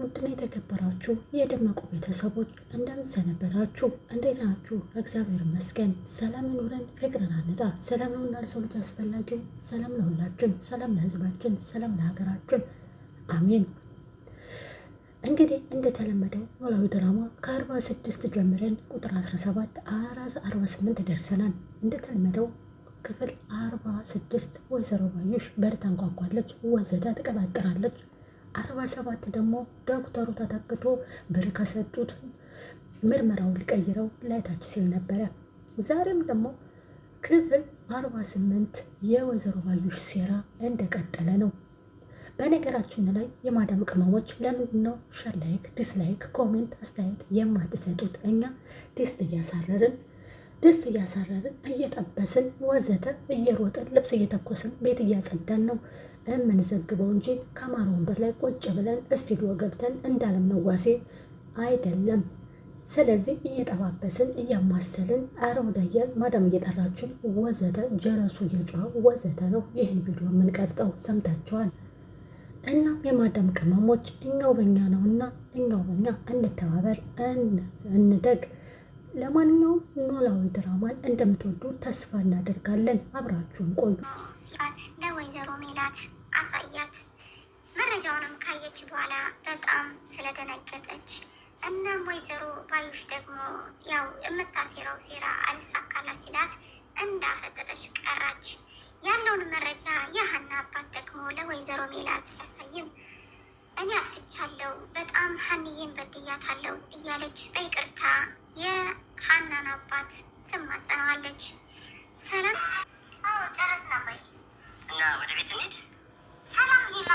ውድና የተከበራችሁ የደመቁ ቤተሰቦች እንደምትሰነበታችሁ፣ እንዴት ናችሁ? እግዚአብሔር ይመስገን። ሰላም ይኑረን፣ ፍቅርን አንጣ። ሰላም ነው ለሰው ልጅ አስፈላጊው ሰላም ለሁላችን፣ ሰላም ለሕዝባችን፣ ሰላም ለሀገራችን፣ አሜን። እንግዲህ እንደተለመደው ኖላዊ ድራማ ከ46 ጀምረን ቁጥር አርባ ስምንት ደርሰናል። እንደተለመደው ክፍል ስድስት ወይዘሮ ባዩሽ በር ታንኳኳለች፣ ወዘተ ትቀባጥራለች። አርባ ሰባት ደግሞ ዶክተሩ ተተክቶ ብር ከሰጡት ምርመራውን ሊቀይረው ላይታች ሲል ነበረ። ዛሬም ደግሞ ክፍል አርባ ስምንት የወይዘሮ ባዩሽ ሴራ እንደቀጠለ ነው። በነገራችን ላይ የማዳም ቅመሞች ለምንድን ነው ሸላይክ፣ ዲስላይክ፣ ኮሜንት አስተያየት የማትሰጡት? እኛ ድስት እያሳረርን ድስት እያሳረርን እየጠበስን ወዘተ እየሮጥን ልብስ እየተኮስን ቤት እያጸዳን ነው። የምንዘግበው እንጂ ከማር ወንበር ላይ ቁጭ ብለን እስቱዲዮ ገብተን እንዳለም ነዋሴ አይደለም። ስለዚህ እየጠባበስን እያማሰልን አረ ወዳያል ማዳም እየጠራችን ወዘተ ጀረሱ እየጮኸ ወዘተ ነው ይህን ቪዲዮ የምንቀርጠው ሰምታችኋል። እናም የማዳም ቅመሞች እኛው በኛ እና እኛው በኛ እንተባበር፣ እንደግ። ለማንኛውም ኖላዊ ድራማን እንደምትወዱ ተስፋ እናደርጋለን። አብራችሁን ቆዩ። ለወይዘሮ ሜላት አሳያት። መረጃውንም ካየች በኋላ በጣም ስለደነገጠች እናም ወይዘሮ ባዩሽ ደግሞ ያው የምታሴረው ሴራ አልሳካላ ሲላት እንዳፈጠጠች ቀራች። ያለውን መረጃ የሀና አባት ደግሞ ለወይዘሮ ሜላት ሲያሳይም እኔ አጥፍቻለሁ፣ በጣም ሀንዬን በድያታለሁ እያለች በይቅርታ የሀናን አባት ትማጸነዋለች። ሰላም አዎ፣ ጨረስና እና ወደ ቤት እንሂድ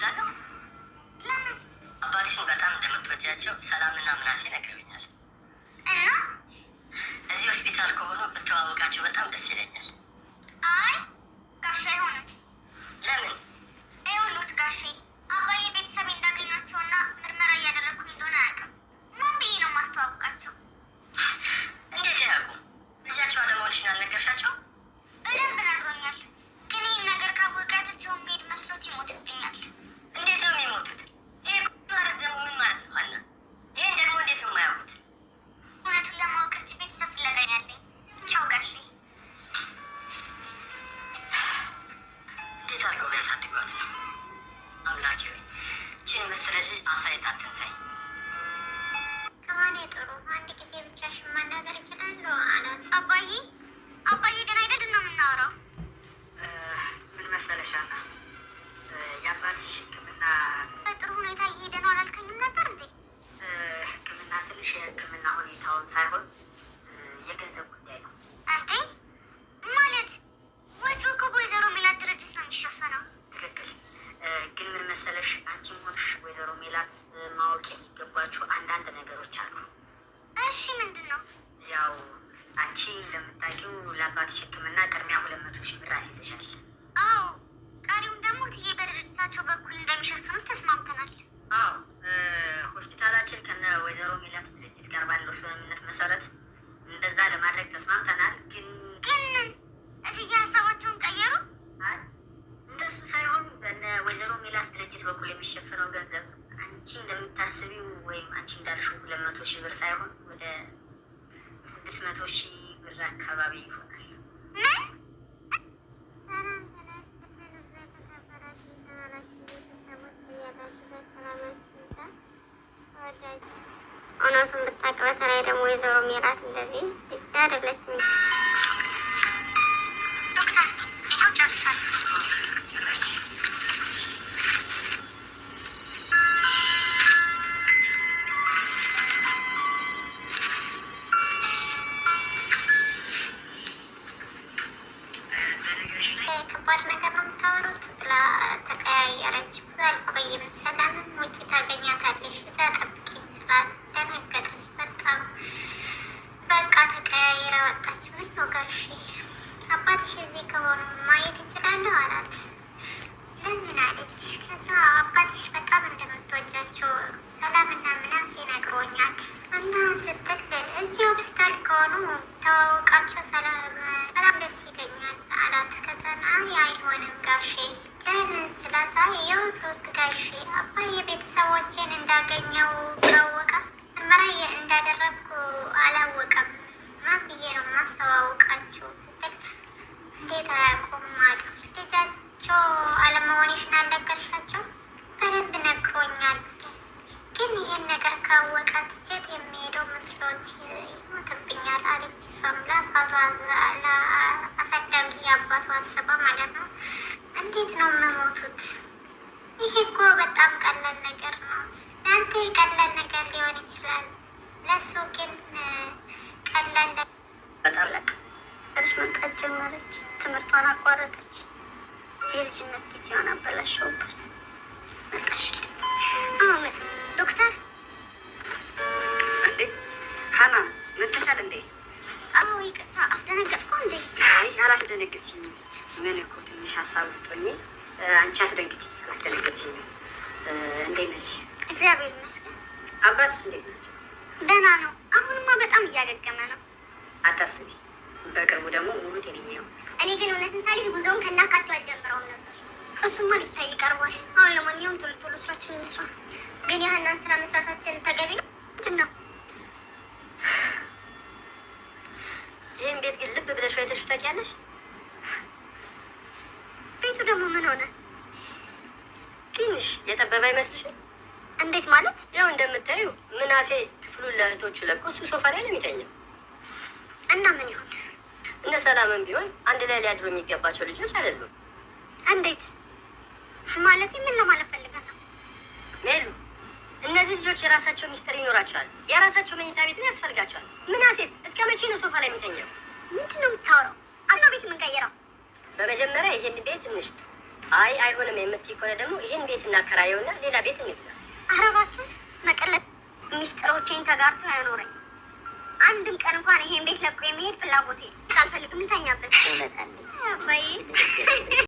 እችላለሁ። ለምን አባትሽን በጣም እንደምትወጃቸው ሰላምና ምናሴ ነግረውኛል። እና እዚህ ሆስፒታል ከሆኑ ብተዋወቃቸው በጣም ደስ ይለኛል። ደስታውን ሳይሆን የገንዘብ ጉዳይ ነው። እንዴ ማለት ወጪው ከወይዘሮ ሜላት ድርጅት ነው የሚሸፈነው። ትክክል። ግን ምን መሰለሽ፣ አንቺም ሆንሽ ወይዘሮ ሜላት ማወቅ የሚገባቸው አንዳንድ ነገሮች አሉ። እሺ፣ ምንድን ነው? ያው አንቺ እንደምታውቂው ለአባትሽ ሕክምና ቅድሚያ ሁለት መቶ ሺህ ብር አስይዘሻል። ጋር ባለው ስምምነት መሰረት እንደዛ ለማድረግ ተስማምተናል። ግን ግን እትዬ ሀሳባቸውን ቀየሩ። እንደሱ ሳይሆን በነ ወይዘሮ ሜላት ድርጅት በኩል የሚሸፍነው ገንዘብ አንቺ እንደምታስቢው ወይም አንቺ እንዳልሽው ሁለት መቶ ሺህ ብር ሳይሆን ወደ ስድስት መቶ ሺህ ብር አካባቢ ይሆናል። ሰላም እውነቱን ብታውቅ። በተለይ ደግሞ ወይዘሮ ሜላት እንደዚህ ብቻ አይደለችም። ከባድ ነገር ነው የምታወሩት ብላ ተቀያየረች። አልቆይም። ሰላምም ውጭ ታገኛታለሽ። አባትሽ እዚህ ከሆኑ ማየት ይችላለሁ አላት። ለምን አለች። ከዛ አባትሽ በጣም እንደምትወጃቸው ሰላምና ምናሴ ነግሮኛል እና ስትክል እዚህ ሆስፒታል ከሆኑ ተዋውቃቸው ሰላም በጣም ደስ ይለኛል አላት። ከዛና አይሆንም ጋሼ ለምን ስላታ የውስጥ ጋሼ አባዬ ቤተሰቦችን እንዳገኘው ካወቀ ምርመራ እንዳደረግኩ አላወቀም ምናምን ብዬ ነው ማስተዋውቃችሁ ስትል እንዴት አያውቁም አሉ። ልጃቸው አለመሆንሽን አልነገርሻቸው? በደንብ ነግሮኛል፣ ግን ይህን ነገር ካወቀ ትቼት የሚሄደው መስሎት ይሞትብኛል አለች። እሷም ለአባቷ አሳዳጊ አባቷ አስባ ማለት ነው። እንዴት ነው የምሞቱት? ይሄ እኮ በጣም ቀላል ነገር ነው። ለአንተ ቀላል ነገር ሊሆን ይችላል፣ ለእሱ ግን በጣም ለቅ ልጅ መምጣት ጀመረች። ትምህርቷን አቋረጠች። የልጅነት ጊዜዋን አበላሸውበት። መጣሽልኝ ዶክተር እንዴ ሀና መተሻል እንዴ? አዎ ይቅርታ አስደነገጥኩ እንዴ? አይ አላስደነገጥሽኝም። ምን እኮ ትንሽ ሀሳብ ውስጥ ሆኜ አንቺ አትደንግጭ። አላስደነገጥሽኝም። እንዴት ነሽ? እግዚአብሔር ይመስገን። አባትሽ እንዴት ናቸው? ደህና ነው አሁንማ በጣም እያገገመ ነው። አታስቢ፣ በቅርቡ ደግሞ ሙሉ ጤነኛ እኔ ግን እውነትን ሳሊዝ ጉዞውን ከናካቴው አልጀምረውም ነበር። እሱማ ሊታይ ቀርቧል። አሁን ለማንኛውም ቶሎ ቶሎ ስራችን እንስራ። ግን ያህናን ስራ መስራታችን ተገቢ ነው። ነው ይህን ቤት ግን ልብ ብለሽ አይተሽ ታውቂያለሽ? ቤቱ ደግሞ ምን ሆነ? ትንሽ የጠበበ አይመስልሽም? እንዴት ማለት ያው እንደምታዩ ምናሴ ክፍሉን ለእህቶቹ ለቆ እሱ ሶፋ ላይ ነው የሚተኛው። እና ምን ይሁን እነ ሰላምን ቢሆን አንድ ላይ ሊያድሩ የሚገባቸው ልጆች አይደሉም። እንዴት ማለት ምን ለማለት ፈልገህ ነው ሜሉ? እነዚህ ልጆች የራሳቸው ሚስጥር ይኖራቸዋል፣ የራሳቸው መኝታ ቤት ያስፈልጋቸዋል። ምናሴስ እስከ መቼ ነው ሶፋ ላይ የሚተኛው? ምንድን ነው የምታወራው? አና ቤት የምንቀይረው በመጀመሪያ ይህን ቤት እንሽጥ። አይ አይሆንም የምትይ ከሆነ ደግሞ ይህን ቤት እናከራየውና ሌላ ቤት እንግዛ። ኧረ እባክህ መቀለድ ሚስጥሮቼን ተጋርቶ ያኖረኝ። አንድም ቀን እንኳን ይሄን ቤት ለቆ የመሄድ ፍላጎቴ አልፈልግም። እንተኛበት